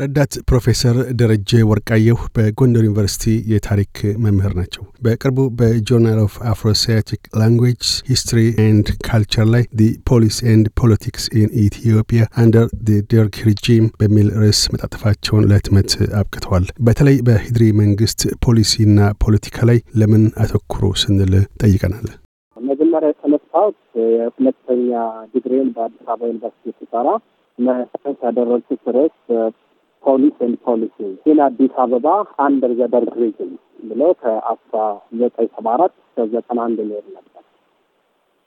ረዳት ፕሮፌሰር ደረጀ ወርቃየሁ በጎንደር ዩኒቨርሲቲ የታሪክ መምህር ናቸው። በቅርቡ በጆርናል ኦፍ አፍሮሲያቲክ ላንጉዌጅ ሂስትሪ ኤንድ ካልቸር ላይ ዲ ፖሊስ ኤንድ ፖለቲክስ ኢን ኢትዮጵያ አንደር ዲ ደርግ ሪጂም በሚል ርዕስ መጣጠፋቸውን ለህትመት አብቅተዋል። በተለይ በሂድሪ መንግስት ፖሊሲና ፖለቲካ ላይ ለምን አተኩሩ ስንል ጠይቀናል። መጀመሪያ የተነሳሁት የሁለተኛ ዲግሪን በአዲስ አበባ ዩኒቨርሲቲ ስሰራ መሰረት ያደረጉት ርዕስ ፖሊስ ኤንድ ፖሊሲ ኢን አዲስ አበባ አንደር ዘ ደርግ ሪጅን ብሎ ከአስራ ዘጠኝ ሰባ አራት እስከ ዘጠና አንድ ሊሄድ ነበር።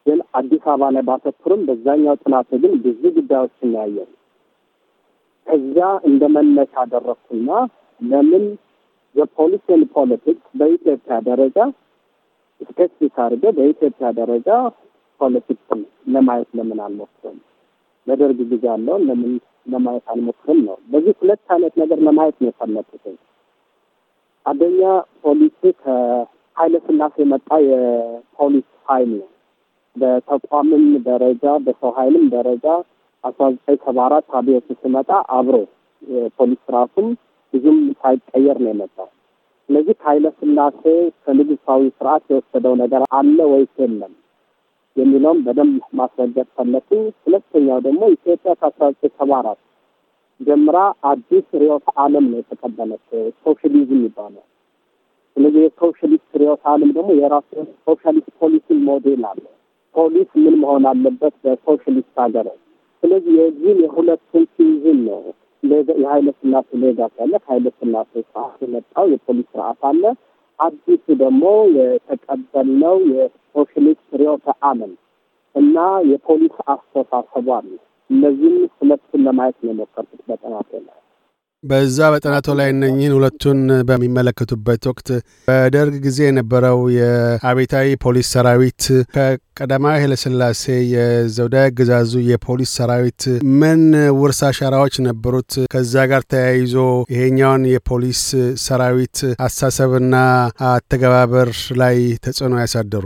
ግን አዲስ አበባ ላይ ባተኩርም በዛኛው ጥናት ግን ብዙ ጉዳዮች እናያየን። ከዚያ እንደ መነሻ አደረግኩና ለምን የፖሊስ ኤንድ ፖለቲክስ በኢትዮጵያ ደረጃ ስፔሲፊክ አድርገ በኢትዮጵያ ደረጃ ፖለቲክስን ለማየት ለምን አልሞክርም? በደርግ ጊዜ ያለውን ለምን ለማየት አልሞክርም ነው። በዚህ ሁለት አይነት ነገር ለማየት ነው የፈለኩትኝ። አንደኛ ፖሊስ ከኃይለ ስላሴ የመጣ የፖሊስ ኃይል ነው። በተቋምም ደረጃ በሰው ኃይልም ደረጃ አስራ ዘጠኝ ሰባ አራት አብዮቱ ሲመጣ አብሮ የፖሊስ ስርዓቱም ብዙም ሳይቀየር ነው የመጣው። ስለዚህ ከኃይለ ስላሴ ከንጉሳዊ ስርዓት የወሰደው ነገር አለ ወይስ የለም? የሚለውም በደንብ ማስረዳት ፈለኩ። ሁለተኛው ደግሞ ኢትዮጵያ ከአስራ ዘጠኝ ሰባ አራት ጀምራ አዲስ ርዕዮተ ዓለም ነው የተቀበለችው ሶሻሊዝም ይባላል። ስለዚህ የሶሻሊስት ርዕዮተ ዓለም ደግሞ የራሱ ሶሻሊስት ፖሊሲ ሞዴል አለ። ፖሊስ ምን መሆን አለበት በሶሻሊስት ሀገር። ስለዚህ የዚህም የሁለቱን ሲዝን ነው የኃይለ ስላሴ ሌጋሲ ያለ ከኃይለ ስላሴ ሰዓት የመጣው የፖሊስ ስርዓት አለ አዲሱ ደግሞ የተቀበልነው የሶሻሊስት ርዕዮተ ዓለም እና የፖሊስ አስተሳሰቧ አሉ። እነዚህም ሁለቱን ለማየት ነው የሞከርኩት በጥናቴ ላይ። በዛ በጥናቶ ላይ እነኝህን ሁለቱን በሚመለከቱበት ወቅት በደርግ ጊዜ የነበረው የአቤታዊ ፖሊስ ሰራዊት ከቀዳማዊ ኃይለሥላሴ የዘውዳዊ ግዛዙ የፖሊስ ሰራዊት ምን ውርስ አሻራዎች ነበሩት? ከዛ ጋር ተያይዞ ይሄኛውን የፖሊስ ሰራዊት አሳሰብና አተገባበር ላይ ተጽዕኖ ያሳደሩ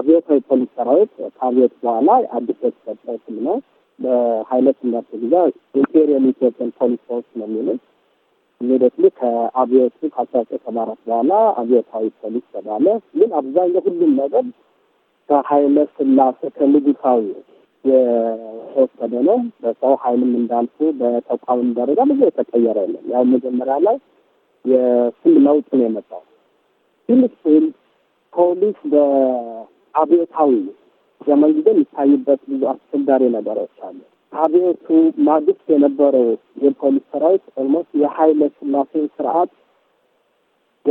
አብዮታዊ ፖሊስ ሰራዊት ከአብዮት በኋላ አዲስ የተሰጠ ስም ነው። በኃይለ ሥላሴ ጊዜ ኢምፔሪያል ኢትዮጵያን ፖሊሲዎች ነው የሚሉት። እኔ ደግሞ ከአብዮቱ ከአስራ ዘጠኝ ሰባ አራት በኋላ አብዮታዊ ፖሊስ ተባለ። ግን አብዛኛው ሁሉም ነገር ከኃይለ ስላሴ ከንጉሳዊ የተወሰደ ነው። በሰው ኃይልም እንዳልኩ በተቋምም ደረጃ ብዙ የተቀየረ የለም። ያው መጀመሪያ ላይ የስም ለውጥ ነው የመጣው። ፊልስፊል ፖሊስ በአብዮታዊ ዘመን ጊዜ የሚታይበት ብዙ አስቸጋሪ ነገሮች አሉ። አብዮቱ ማግስት የነበረው የፖሊስ ሰራዊት ኦልሞስት የኃይለ ሥላሴን ስርዓት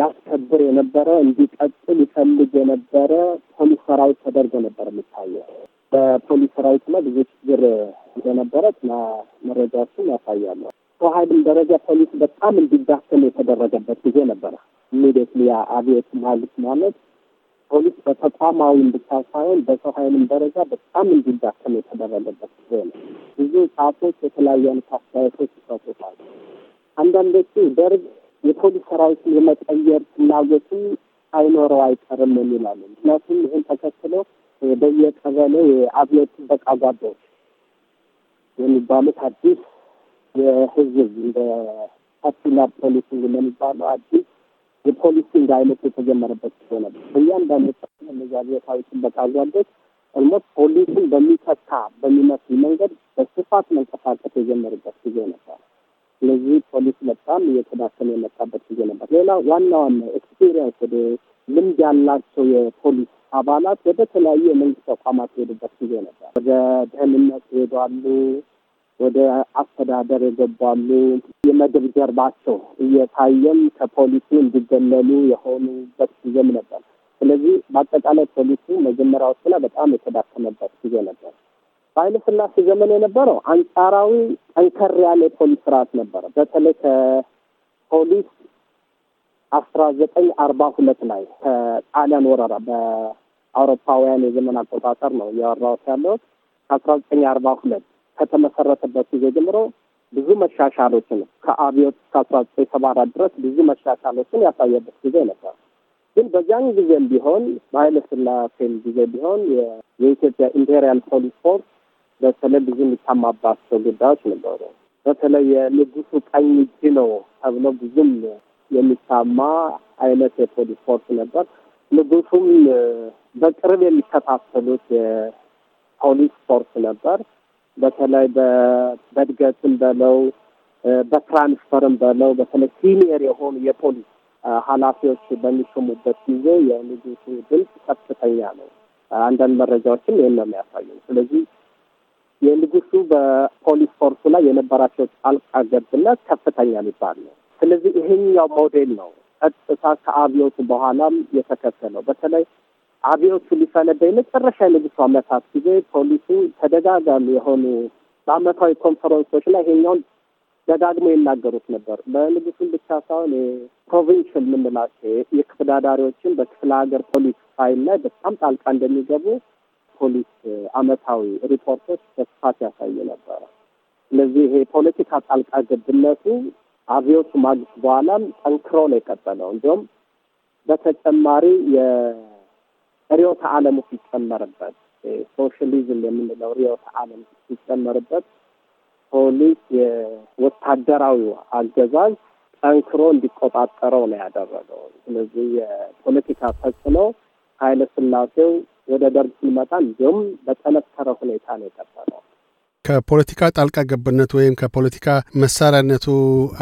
ያስከብር የነበረ እንዲቀጥል ይፈልግ የነበረ ፖሊስ ሰራዊት ተደርጎ ነበር የሚታየው። በፖሊስ ሰራዊት ሰራዊትና ብዙ ችግር እንደነበረ መረጃዎችን ያሳያሉ። በሀይልም ደረጃ ፖሊስ በጣም እንዲዳከም የተደረገበት ጊዜ ነበረ። ኢሚዲየትሊ አብዮት ማግስት ማለት ፖሊስ በተቋማዊ ብቻ ሳይሆን በሰው ኃይልም ደረጃ በጣም እንዲዳከም የተደረገበት ጊዜ ነው። ብዙ ሰዓቶች የተለያዩ አይነት አስተያየቶች ይሰጡታል። አንዳንዶቹ ደርግ የፖሊስ ሰራዊትን የመቀየር ፍላጎትም አይኖረው አይቀርም የሚላሉ። ምክንያቱም ይህን ተከትሎ በየቀበሌው የአብዮት ጥበቃ ጓዶች የሚባሉት አዲስ የህዝብ እንደ ፓርቲላር ፖሊስ ለሚባለው አዲስ የፖሊሲ እንዳይነት የተጀመረበት ጊዜ ነበር። እያንዳንዱ እነዚህ አብዮታዊ ጥበቃ አዛዦች ኦልሞስት ፖሊሲን በሚተካ በሚመስል መንገድ በስፋት መንቀሳቀስ የጀመሩበት ጊዜ ነበር። ስለዚህ ፖሊስ በጣም እየተዳከመ የመጣበት ጊዜ ነበር። ሌላ ዋና ዋና ኤክስፔሪንስ ወደ ልምድ ያላቸው የፖሊስ አባላት ወደ ተለያዩ የመንግስት ተቋማት የሄዱበት ጊዜ ነበር። ወደ ደህንነት ይሄዳሉ። ወደ አስተዳደር የገባሉ የመግብ ጀርባቸው እየታየም ከፖሊሱ እንዲገለሉ የሆኑበት ጊዜም ነበር። ስለዚህ በአጠቃላይ ፖሊሱ መጀመሪያዎች ላይ በጣም የተዳከመበት ጊዜ ነበር። በኃይለ ሥላሴ ዘመን የነበረው አንጻራዊ ጠንከር ያለ የፖሊስ ስርዓት ነበረ። በተለይ ከፖሊስ አስራ ዘጠኝ አርባ ሁለት ላይ ከጣሊያን ወረራ በአውሮፓውያን የዘመን አቆጣጠር ነው እያወራሁት ያለሁት ከአስራ ዘጠኝ አርባ ሁለት ከተመሰረተበት ጊዜ ጀምሮ ብዙ መሻሻሎችን ከአብዮት እስከ አስራ ዘጠኝ ሰባ አራት ድረስ ብዙ መሻሻሎችን ያሳየበት ጊዜ ነበር። ግን በዚያን ጊዜም ቢሆን በኃይለ ሥላሴም ጊዜ ቢሆን የኢትዮጵያ ኢምፔሪያል ፖሊስ ፎርስ በተለይ ብዙ የሚታማባቸው ጉዳዮች ነበሩ። በተለይ የንጉሱ ቀኝ እጅ ነው ተብሎ ብዙም የሚታማ አይነት የፖሊስ ፎርስ ነበር። ንጉሱም በቅርብ የሚከታተሉት የፖሊስ ፎርስ ነበር። በተለይ በእድገትም በለው በትራንስፈርም በለው በተለይ ሲኒየር የሆኑ የፖሊስ ኃላፊዎች በሚሰሙበት ጊዜ የንጉሱ ድምፅ ከፍተኛ ነው። አንዳንድ መረጃዎችም ይህን ነው የሚያሳዩ። ስለዚህ የንጉሱ በፖሊስ ፎርሱ ላይ የነበራቸው ጣልቃ ገብነት ከፍተኛ የሚባል ነው። ስለዚህ ይሄኛው ሞዴል ነው ቀጥታ ከአብዮቱ በኋላም የተከተለው በተለይ አብዮቱ ሊፈነዳ የመጨረሻ የንጉሱ አመታት ጊዜ ፖሊሱ ተደጋጋሚ የሆኑ በአመታዊ ኮንፈረንሶች ላይ ይሄኛውን ደጋግሞ ይናገሩት ነበር። በንጉሱም ብቻ ሳይሆን ፕሮቪንሽል የምንላቸው የክፍዳዳሪዎችን በክፍለ ሀገር ፖሊስ ፋይል ላይ በጣም ጣልቃ እንደሚገቡ ፖሊስ አመታዊ ሪፖርቶች በስፋት ያሳዩ ነበረ። ስለዚህ ይሄ ፖለቲካ ጣልቃ ገብነቱ አብዮቱ ማግስት በኋላም ጠንክሮ ነው የቀጠለው። እንዲሁም በተጨማሪ ርዕዮተ ዓለሙ ሲጨመርበት ሶሻሊዝም የምንለው ርዕዮተ ዓለም ሲጨመርበት ፖሊስ የወታደራዊ አገዛዝ ጠንክሮ እንዲቆጣጠረው ነው ያደረገው። ስለዚህ የፖለቲካ ተጽዕኖ ኃይለ ስላሴው ወደ ደርግ ሲመጣ እንዲሁም በጠነከረ ሁኔታ ነው የቀጠለው። ከፖለቲካ ጣልቃ ገብነት ወይም ከፖለቲካ መሳሪያነቱ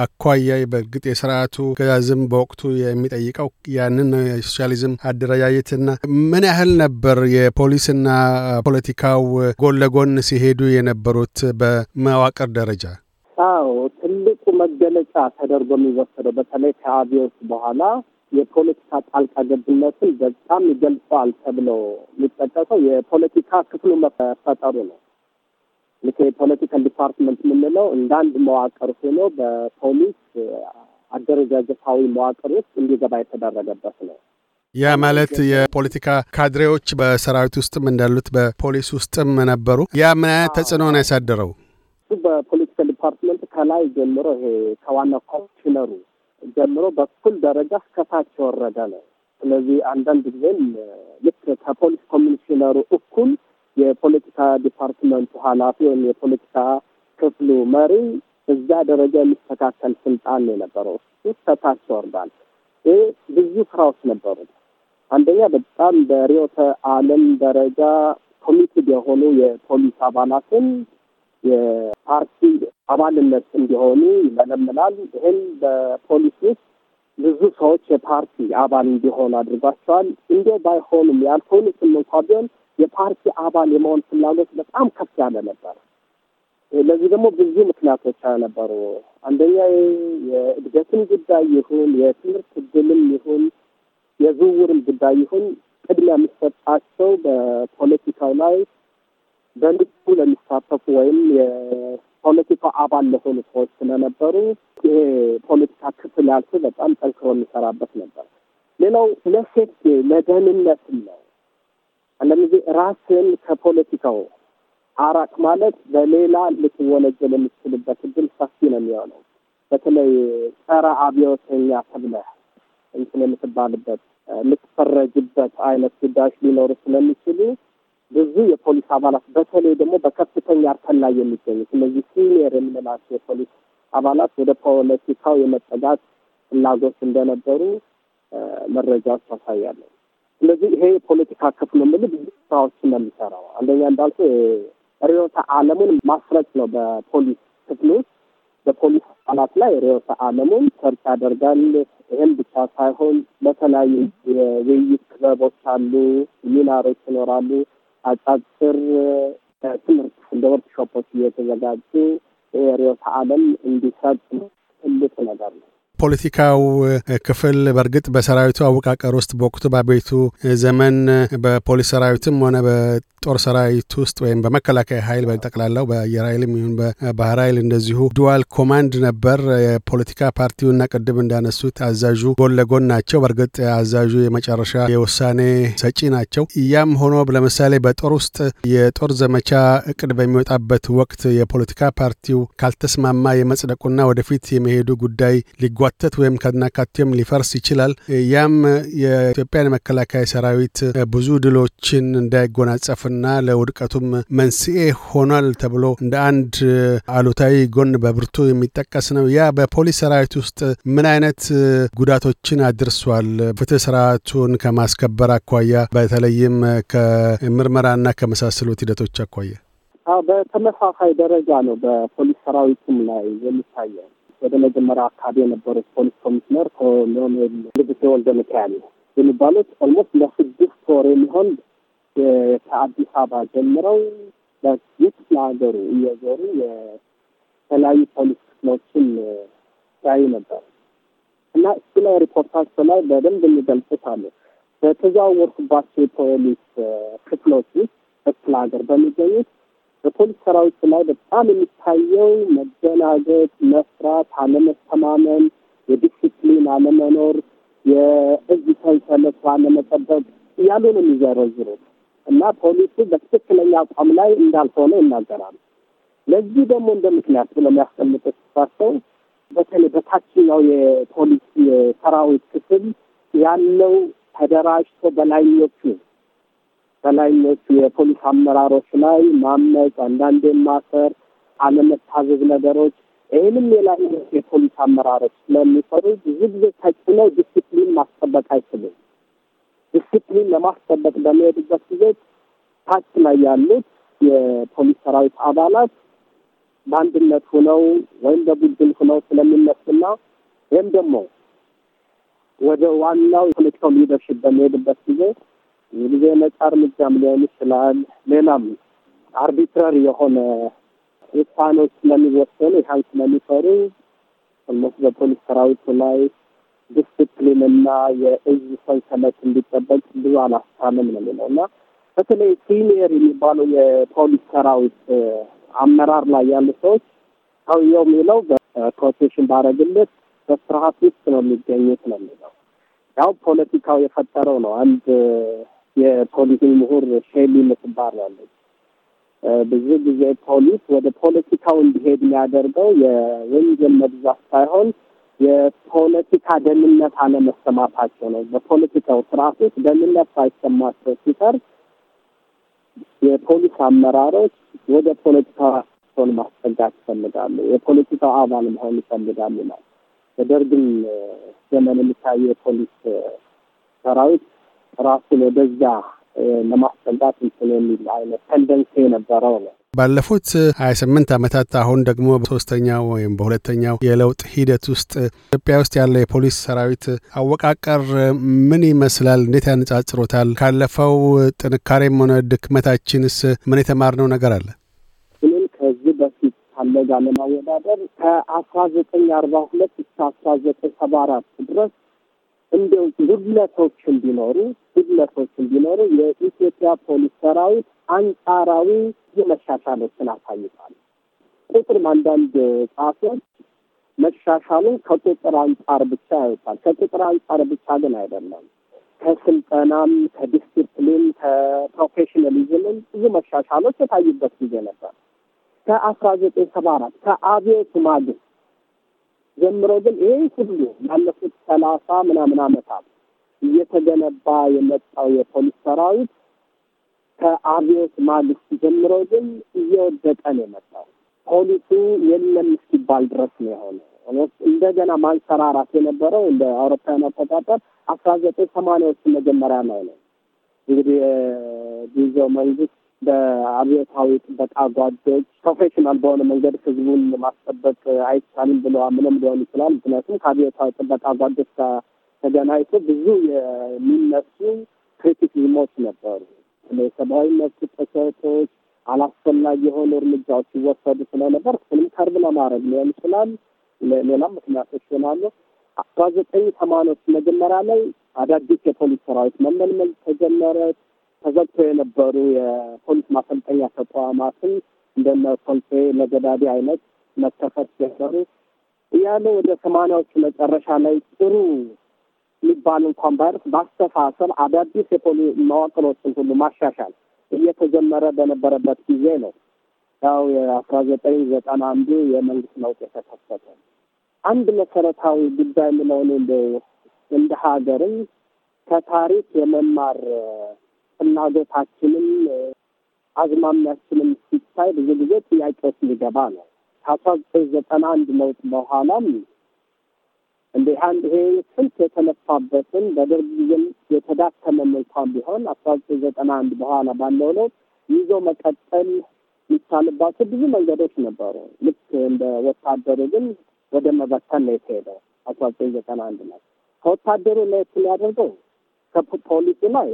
አኳያ በእርግጥ የስርዓቱ ገዛዝም በወቅቱ የሚጠይቀው ያንን ነው። የሶሻሊዝም አደረጃጀትና ምን ያህል ነበር የፖሊስና ፖለቲካው ጎን ለጎን ሲሄዱ የነበሩት በመዋቅር ደረጃ? አዎ ትልቁ መገለጫ ተደርጎ የሚወሰደው በተለይ ከአብዮት በኋላ የፖለቲካ ጣልቃ ገብነትን በጣም ይገልጸዋል ተብሎ የሚጠቀሰው የፖለቲካ ክፍሉ መፈጠሩ ነው። ልክ የፖለቲካል ዲፓርትመንት የምንለው እንደ አንድ መዋቅር ሆኖ በፖሊስ አደረጃጀታዊ መዋቅር ውስጥ እንዲገባ የተደረገበት ነው። ያ ማለት የፖለቲካ ካድሬዎች በሰራዊት ውስጥም እንዳሉት በፖሊስ ውስጥም ነበሩ። ያ ምን አይነት ተጽዕኖ ነው ያሳደረው? በፖለቲካል ዲፓርትመንት ከላይ ጀምሮ ይሄ ከዋና ኮሚሽነሩ ጀምሮ በኩል ደረጃ እስከታች የወረደ ነው። ስለዚህ አንዳንድ ጊዜም ልክ ከፖሊስ ኮሚሽነሩ እኩል የፖለቲካ ዲፓርትመንቱ ኃላፊ ወይም የፖለቲካ ክፍሉ መሪ እዛ ደረጃ የሚስተካከል ስልጣን ነው የነበረው። እሱ ከታች ይወርዳል። ይህ ብዙ ስራዎች ነበሩ። አንደኛ በጣም በርዕዮተ ዓለም ደረጃ ኮሚትድ የሆኑ የፖሊስ አባላትን የፓርቲ አባልነት እንዲሆኑ ይመለምላል። ይህም በፖሊስ ውስጥ ብዙ ሰዎች የፓርቲ አባል እንዲሆኑ አድርጓቸዋል። እንዲያው ባይሆኑም ያልሆኑትም እንኳ ቢሆን የፓርቲ አባል የመሆን ፍላጎት በጣም ከፍ ያለ ነበር። ለዚህ ደግሞ ብዙ ምክንያቶች ነበሩ። አንደኛ የእድገትን ጉዳይ ይሁን የትምህርት እድልም ይሁን የዝውውርን ጉዳይ ይሁን ቅድሚያ የሚሰጣቸው በፖለቲካው ላይ በንቁ ለሚሳተፉ ወይም የፖለቲካ አባል ለሆኑ ሰዎች ስለነበሩ ይሄ ፖለቲካ ክፍል ያልኩ በጣም ጠንክሮ የሚሰራበት ነበር። ሌላው ለሴፍቲ ለደህንነትም ነው። አንዳንድ ጊዜ ራስን ከፖለቲካው አራቅ ማለት በሌላ ልትወነጀል የምትችልበት እድል ሰፊ ነው የሚሆነው። በተለይ ጸረ አብዮተኛ ተብለህ እንትን የምትባልበት የምትፈረጅበት አይነት ጉዳዮች ሊኖሩ ስለሚችሉ ብዙ የፖሊስ አባላት በተለይ ደግሞ በከፍተኛ እርከን ላይ የሚገኙት እነዚህ ሲኒየር የምንላቸው የፖሊስ አባላት ወደ ፖለቲካው የመጠጋት ፍላጎት እንደነበሩ መረጃዎች ያሳያለን። ስለዚህ ይሄ የፖለቲካ ክፍሉ ምል ብዙ ስራዎችን ነው የሚሰራው። አንደኛ እንዳልኩ ርዕዮተ ዓለሙን ማስረጽ ነው። በፖሊስ ክፍሉ ውስጥ በፖሊስ አባላት ላይ ርዕዮተ ዓለሙን ሰርች ያደርጋል። ይህም ብቻ ሳይሆን በተለያዩ የውይይት ክበቦች አሉ፣ ሚናሮች ይኖራሉ። አጫጭር ትምህርት እንደ ወርክሾፖች እየተዘጋጁ ርዕዮተ ዓለም እንዲሰጥ ትልቅ ነገር ነው። የፖለቲካው ክፍል በእርግጥ በሰራዊቱ አወቃቀር ውስጥ በወቅቱ በአቤቱ ዘመን በፖሊስ ሰራዊትም ሆነ ጦር ሰራዊት ውስጥ ወይም በመከላከያ ኃይል በጠቅላላው በአየር ኃይልም ይሁን በባህር ኃይል እንደዚሁ ዱዋል ኮማንድ ነበር። የፖለቲካ ፓርቲውና ቅድም እንዳነሱት አዛዡ ጎን ለጎን ናቸው። በእርግጥ አዛዡ የመጨረሻ የውሳኔ ሰጪ ናቸው። ያም ሆኖ ለምሳሌ በጦር ውስጥ የጦር ዘመቻ እቅድ በሚወጣበት ወቅት የፖለቲካ ፓርቲው ካልተስማማ የመጽደቁና ወደፊት የመሄዱ ጉዳይ ሊጓተት ወይም ከናካቴም ሊፈርስ ይችላል። ያም የኢትዮጵያን የመከላከያ ሰራዊት ብዙ ድሎችን እንዳይጎናጸፍ ለጥፋትና ለውድቀቱም መንስኤ ሆኗል ተብሎ እንደ አንድ አሉታዊ ጎን በብርቱ የሚጠቀስ ነው። ያ በፖሊስ ሰራዊት ውስጥ ምን አይነት ጉዳቶችን አድርሷል? ፍትህ ስርዓቱን ከማስከበር አኳያ በተለይም ከምርመራና ከመሳሰሉት ሂደቶች አኳያ በተመሳሳይ ደረጃ ነው በፖሊስ ሰራዊትም ላይ የሚታየው። ወደ መጀመሪያ አካባቢ የነበሩት ፖሊስ ኮሚሽነር ኮሎኔል ንጉሴ ወልደ ሚካኤል የሚባሉት ኦልሞስት ለስድስት ወር የሚሆን ከአዲስ አበባ ጀምረው በየክፍለ ለሀገሩ እየዞሩ የተለያዩ ፖሊስ ክፍሎችን ያዩ ነበር እና እሱ ላይ ሪፖርታቸው ላይ በደንብ የሚገልጹት አሉ። በተዘዋወርኩባቸው የፖሊስ ክፍሎች ውስጥ በክፍለ ሀገር በሚገኙት በፖሊስ ሰራዊት ላይ በጣም የሚታየው መደናገጥ፣ መፍራት፣ አለመተማመን፣ የዲስፕሊን አለመኖር፣ የእጅ ሰንሰለት አለመጠበቅ እያሉ ነው የሚዘረዝሩት። እና ፖሊሱ በትክክለኛ አቋም ላይ እንዳልሆነ ይናገራሉ። ለዚህ ደግሞ እንደ ምክንያት ብለው የሚያስቀምጡት እሳቸው በተለይ በታችኛው የፖሊስ የሰራዊት ክፍል ያለው ተደራጅቶ በላይኞቹ በላይኞቹ የፖሊስ አመራሮች ላይ ማመፅ፣ አንዳንዴ ማሰር፣ አለመታዘዝ ነገሮች ይህንም የላይኞቹ የፖሊስ አመራሮች ስለሚሰሩ ብዙ ጊዜ ተጭነው ዲስፕሊን ማስጠበቅ አይችሉም። ዲስፕሊን ለማስጠበቅ በሚሄዱበት ጊዜ ታች ላይ ያሉት የፖሊስ ሰራዊት አባላት በአንድነት ሁነው ወይም በቡድን ሁነው ስለሚነሱና ወይም ደግሞ ወደ ዋናው የፖለቲካው ሊደርሽፕ በሚሄድበት ጊዜ የጊዜ ነጻ እርምጃም ሊሆን ይችላል። ሌላም አርቢትራሪ የሆነ ውሳኔዎች ስለሚወሰኑ ይህን ስለሚፈሩ እነሱ በፖሊስ ሰራዊቱ ላይ ድስት የክልልና የእዝ ሰንሰለት እንዲጠበቅ ብዙ አላስታምም ነው የሚለው እና በተለይ ሲኒየር የሚባለው የፖሊስ ሰራዊት አመራር ላይ ያሉ ሰዎች ሰውየው የሚለው በፕሮቴሽን ባረግለት በፍርሀት ውስጥ ነው የሚገኙት ነው የሚለው ያው ፖለቲካው የፈጠረው ነው። አንድ የፖሊስ ምሁር ሼሊ ምትባል ያለች ብዙ ጊዜ ፖሊስ ወደ ፖለቲካው እንዲሄድ የሚያደርገው የወንጀል መብዛት ሳይሆን የፖለቲካ ደህንነት አለመሰማታቸው ነው። በፖለቲካው ስርዓት ውስጥ ደህንነት ሳይሰማቸው ሲቀር የፖሊስ አመራሮች ወደ ፖለቲካቸውን ማስጠጋት ይፈልጋሉ። የፖለቲካው አባል መሆን ይፈልጋሉ ማለት በደርግም ዘመን የሚታዩ የፖሊስ ሰራዊት ራሱን ወደዛ ለማስጠጋት እንትን የሚል አይነት ተንደንሴ የነበረው ነው። ባለፉት 28 ዓመታት አሁን ደግሞ በሶስተኛው ወይም በሁለተኛው የለውጥ ሂደት ውስጥ ኢትዮጵያ ውስጥ ያለው የፖሊስ ሰራዊት አወቃቀር ምን ይመስላል? እንዴት ያነጻጽሮታል? ካለፈው ጥንካሬም ሆነ ድክመታችንስ ምን የተማርነው ነገር አለ? ምንም ከዚህ በፊት ካለ ጋር ለማወዳደር ከአስራ ዘጠኝ አርባ ሁለት እስከ አስራ ዘጠኝ ሰባ አራት ድረስ እንዲያው ጉድለቶች እንዲኖሩ ጉድለቶች እንዲኖሩ የኢትዮጵያ ፖሊስ ሰራዊት አንጻራዊ የመሻሻሎችን አሳይቷል። ቁጥርም አንዳንድ ጸሐፊዎች መሻሻሉን ከቁጥር አንጻር ብቻ ያዩታል። ከቁጥር አንጻር ብቻ ግን አይደለም። ከስልጠናም፣ ከዲስፕሊን፣ ከፕሮፌሽናሊዝምም ብዙ መሻሻሎች የታዩበት ጊዜ ነበር። ከአስራ ዘጠኝ ሰባ አራት ከአብዮቱ ማግስት ጀምሮ ግን ይህ ሁሉ ያለፉት ሰላሳ ምናምን ዓመታት እየተገነባ የመጣው የፖሊስ ሰራዊት ከአብዮት ማግስት ጀምሮ ግን እየወደቀ ነው የመጣው። ፖሊሱ የለም እስኪባል ድረስ ነው የሆነ እንደገና ማንሰራራት የነበረው እንደ አውሮፓውያን አቆጣጠር አስራ ዘጠኝ ሰማንያዎቹ መጀመሪያ ላይ ነው። እንግዲህ የጊዜው መንግስት በአብዮታዊ ጥበቃ ጓዶች ፕሮፌሽናል በሆነ መንገድ ህዝቡን ማስጠበቅ አይቻልም ብሎ ምንም ሊሆን ይችላል። ምክንያቱም ከአብዮታዊ ጥበቃ ጓዶች ተገናኝቶ ብዙ የሚነሱ ክሪቲሲዝሞች ነበሩ። የሰብአዊ መብት ጥሰቶች፣ አላስፈላጊ የሆኑ እርምጃዎች ሲወሰዱ ስለነበር ምንም ከርብ ለማድረግ ሊሆን ይችላል፣ ሌላም ምክንያቶች ይሆናሉ። አስራ ዘጠኝ ሰማንያዎች መጀመሪያ ላይ አዳዲስ የፖሊስ ሰራዊት መመልመል ተጀመረ። ተዘግቶ የነበሩ የፖሊስ ማሰልጠኛ ተቋማትን እንደነ ኮልፌ ለገዳዲ አይነት መከፈት ጀመሩ እያለ ወደ ሰማንያዎቹ መጨረሻ ላይ ጥሩ የሚባል እንኳን ባይረስ በአስተሳሰብ አዳዲስ የፖሊ መዋቅሮችን ሁሉ ማሻሻል እየተጀመረ በነበረበት ጊዜ ነው ያው የአስራ ዘጠኝ ዘጠና አንዱ የመንግስት ለውጥ የተከሰተ። አንድ መሰረታዊ ጉዳይ የምለውን እንደ ሀገርም ከታሪክ የመማር ፍላጎታችንም አዝማሚያችንም ሲታይ ብዙ ጊዜ ጥያቄዎች ሊገባ ነው። ከአስራ ዘጠኝ ዘጠና አንድ ለውጥ በኋላም እንዲህ አንድ ይሄ ስልት የተለፋበትን በደርግ ጊዜም የተዳከመ እንኳን ቢሆን አስራ ዘጠኝ ዘጠና አንድ በኋላ ባለው ለውጥ ይዞ መቀጠል የሚቻልባቸው ብዙ መንገዶች ነበሩ። ልክ እንደ ወታደሩ ግን ወደ መበተን ነው የተሄደው። አስራ ዘጠኝ ዘጠና አንድ ላይ ከወታደሩ ለየት የሚያደርገው ከፖሊሲ ላይ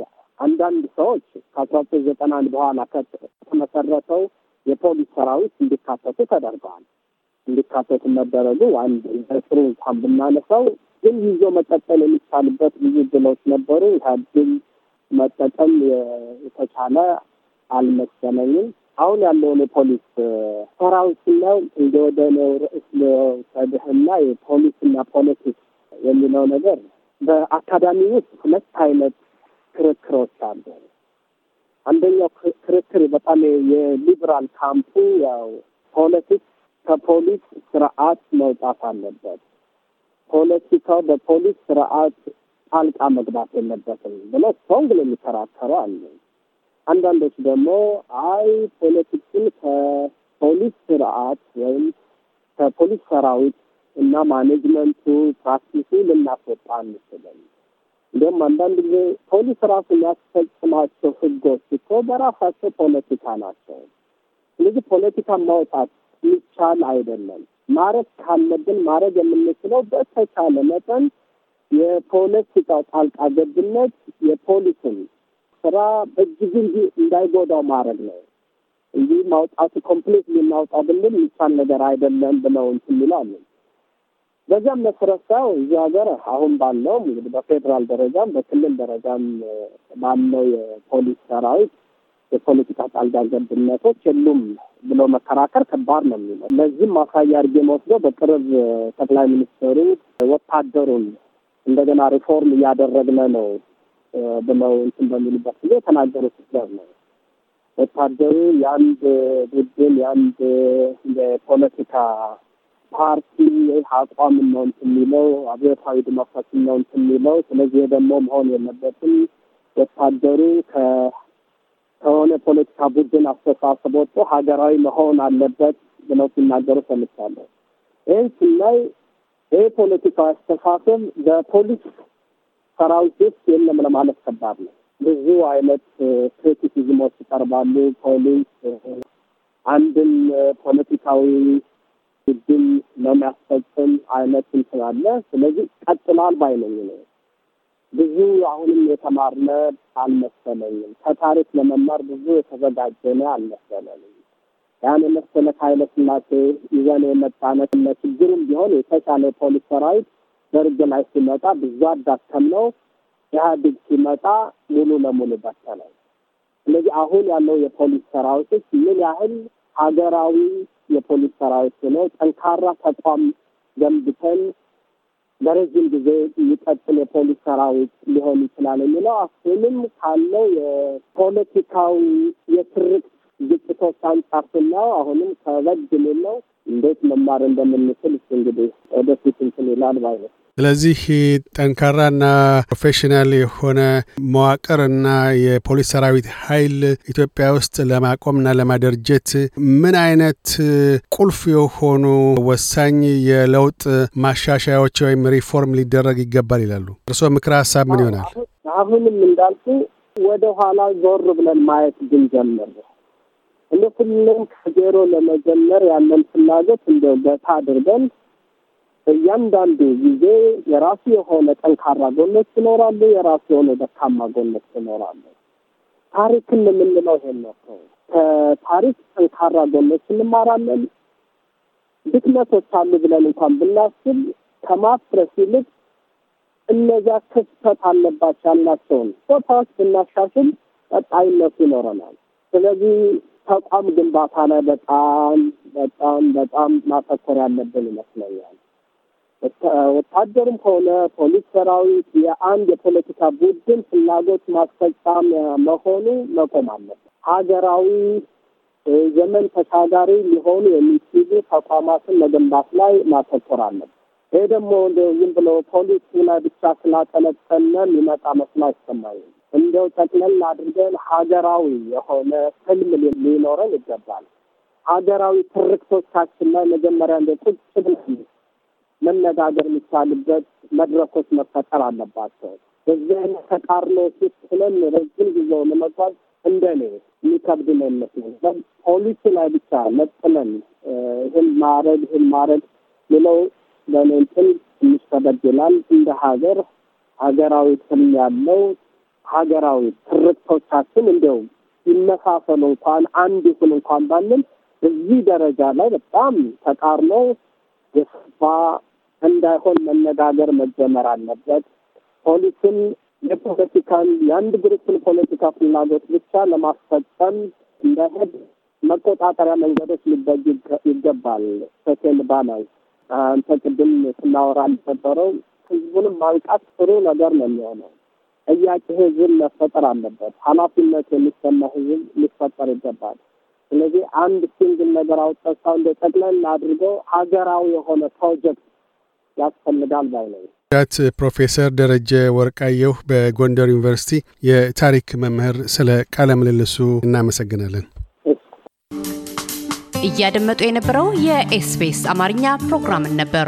አንዳንድ ሰዎች ከአስራ ዘጠኝ ዘጠና አንድ በኋላ ከተመሰረተው የፖሊስ ሰራዊት እንዲካተቱ ተደርገዋል። እንዲካተቱ መደረጉ አንድ በጥሩ እንኳን ብናነሳው፣ ግን ይዞ መቀጠል የሚቻልበት ብዙ ድሎች ነበሩ። ድል መጠቀም የተቻለ አልመሰለኝም። አሁን ያለውን የፖሊስ ሰራዊት ስናየው እንደ ወደ ርዕስ ሰድህና የፖሊስና ፖለቲክስ የሚለው ነገር በአካዳሚ ውስጥ ሁለት አይነት ክርክሮች አሉ። አንደኛው ክርክር በጣም የሊብራል ካምፑ ያው ፖለቲክስ ከፖሊስ ስርዓት መውጣት አለበት፣ ፖለቲካው በፖሊስ ስርዓት ጣልቃ መግባት የለበትም ብለው ሶንግ የሚከራከሩ አሉ። አንዳንዶች ደግሞ አይ ፖለቲክስን ከፖሊስ ስርዓት ወይም ከፖሊስ ሰራዊት እና ማኔጅመንቱ ፕራክቲሱ ልናስወጣ አንችልም። እንዲሁም አንዳንድ ጊዜ ፖሊስ ራሱ የሚያስፈጽማቸው ህጎች እኮ በራሳቸው ፖለቲካ ናቸው። ስለዚህ ፖለቲካ ማውጣት ይቻል አይደለም። ማድረግ ካለብን ማድረግ የምንችለው በተቻለ መጠን የፖለቲካ ጣልቃ ገብነት የፖሊስን ስራ በእጅጉ እንጂ እንዳይጎዳው ማድረግ ነው እንጂ ማውጣቱ ኮምፕሌት ልናውጣ ብንል የሚቻል ነገር አይደለም ብለው እንትን ይላሉ። በዚያም መሰረት እዚህ ሀገር አሁን ባለውም እንግዲህ በፌዴራል ደረጃም በክልል ደረጃም ባለው የፖሊስ ሰራዊት የፖለቲካ ጣልቃ ገብነቶች የሉም ብሎ መከራከር ከባድ ነው የሚለው። ለዚህም ማሳያ አድርጌ መወስደው በቅርብ ጠቅላይ ሚኒስትሩ ወታደሩን እንደገና ሪፎርም እያደረግነ ነው ብለው እንትን በሚሉበት ጊዜ የተናገሩት ስበር ነው። ወታደሩ የአንድ ቡድን የአንድ የፖለቲካ ፓርቲ አቋም ነው እንትን የሚለው አብዮታዊ ዲሞክራሲ ነው እንትን የሚለው። ስለዚህ ደግሞ መሆን የለበትም ወታደሩ ከ ከሆነ ፖለቲካ ቡድን አስተሳሰብ ወጥቶ ሀገራዊ መሆን አለበት ብለው ሲናገሩ ሰምቻለሁ። ይህን ስናይ ይህ ፖለቲካ አስተሳሰብ በፖሊስ ሰራዊት ውስጥ የለም ለማለት ከባድ ነው። ብዙ አይነት ክሪቲሲዝሞች ይቀርባሉ። ፖሊስ አንድን ፖለቲካዊ ቡድን ለሚያስፈጽም አይነት ስላለ ስለዚህ ቀጥሏል ባይነኝ ነው ብዙ አሁንም የተማርነ አልመሰለኝም። ከታሪክ ለመማር ብዙ የተዘጋጀነ አልመሰለንም። ያን የመሰለ ኃይለ ሥላሴ ይዘን የመጣነት ለችግርም ቢሆን የተሻለ ፖሊስ ሰራዊት ደርግ ላይ ሲመጣ ብዙ አዳከም ነው። ኢህአዴግ ሲመጣ ሙሉ ለሙሉ በተነው። ስለዚህ አሁን ያለው የፖሊስ ሰራዊቶች ምን ያህል ሀገራዊ የፖሊስ ሰራዊት ነው? ጠንካራ ተቋም ገንብተን በረዥም ጊዜ የሚቀጥል የፖሊስ ሰራዊት ሊሆን ይችላል የሚለው አሁንም ካለው የፖለቲካዊ የትርክት ግጭቶች አንጻር ስናየው አሁንም ከበድ የሚለው እንዴት መማር እንደምንችል እሱ እንግዲህ ወደፊት እንትን ይላል ማለት ስለዚህ ጠንካራና ፕሮፌሽናል የሆነ መዋቅር እና የፖሊስ ሰራዊት ኃይል ኢትዮጵያ ውስጥ ለማቆምና ለማደርጀት ምን አይነት ቁልፍ የሆኑ ወሳኝ የለውጥ ማሻሻያዎች ወይም ሪፎርም ሊደረግ ይገባል ይላሉ? እርስዎ ምክረ ሀሳብ ምን ይሆናል? አሁንም እንዳልኩ ወደ ኋላ ዞር ብለን ማየት ግን ጀምር እንደ ሁሉም ከዜሮ ለመጀመር ያለን ፍላጎት እንደ በታ አድርገን በእያንዳንዱ ጊዜ የራሱ የሆነ ጠንካራ ጎኖች ይኖራሉ፣ የራሱ የሆነ ደካማ ጎኖች ይኖራሉ። ታሪክን የምንለው ይሄን ነው። ከታሪክ ጠንካራ ጎኖች እንማራለን። ድክመቶች አሉ ብለን እንኳን ብናስብ ከማፍረስ ይልቅ እነዚያ ክፍተት አለባቸው ያልናቸውን ቦታዎች ብናሻሽል ቀጣይነቱ ይኖረናል። ስለዚህ ተቋም ግንባታ ላይ በጣም በጣም በጣም ማተኮር ያለብን ይመስለኛል። ወታደርም ሆነ ፖሊስ ሰራዊት የአንድ የፖለቲካ ቡድን ፍላጎት ማስፈጻም መሆኑ መቆም አለበት። ሀገራዊ ዘመን ተሻጋሪ ሊሆኑ የሚችሉ ተቋማትን መገንባት ላይ ማተኮር አለበት። ይህ ደግሞ ዝም ብሎ ፖሊስ ላይ ብቻ ስላጠለጠነ የሚመጣ መስሎ አይሰማኝም። እንደው ጠቅለል አድርገን ሀገራዊ የሆነ ህልም ሊኖረን ይገባል። ሀገራዊ ትርክቶቻችን ላይ መጀመሪያ እንደ ቁጭ ብለን መነጋገር የሚቻልበት መድረኮች መፈጠር አለባቸው። በዚህ አይነት ተቃርኖ ውስጥ ሆነን ረጅም ጊዜው ለመጓዝ እንደ እንደኔ የሚከብድ ነው ይመስለኛል። ፖሊሲ ላይ ብቻ መጥለን ይህን ማረግ ይህን ማረግ ብለው ለእኔ እንትን ትንሽ ከበድ ይላል። እንደ ሀገር ሀገራዊ ትም ያለው ሀገራዊ ትርክቶቻችን እንዲው ይመሳሰሉ እንኳን አንድ ይሁን እንኳን ባንል እዚህ ደረጃ ላይ በጣም ተቃርኖ የሰፋ እንዳይሆን መነጋገር መጀመር አለበት። ፖሊስን የፖለቲካን የአንድ ግሩፕን ፖለቲካ ፍላጎት ብቻ ለማስፈጸም እንዳይሄድ መቆጣጠሪያ መንገዶች ሊበጅ ይገባል። ሰቴል ባላንስ አንተ ቅድም ስናወራ አልፈጠረው ህዝቡንም ማንቃት ጥሩ ነገር ነው የሚሆነው። ጥያቄ ህዝብ መፈጠር አለበት። ኃላፊነት የሚሰማ ህዝብ ሊፈጠር ይገባል። ስለዚህ አንድ ሲንግል ነገር አውጥተው እንደ ጠቅለል አድርገው ሀገራዊ የሆነ ፕሮጀክት ያስፈልጋል ባይ ነው። ረዳት ፕሮፌሰር ደረጀ ወርቃየሁ በጎንደር ዩኒቨርሲቲ የታሪክ መምህር፣ ስለ ቃለ ምልልሱ እናመሰግናለን። እያደመጡ የነበረው የኤስቢኤስ አማርኛ ፕሮግራምን ነበር።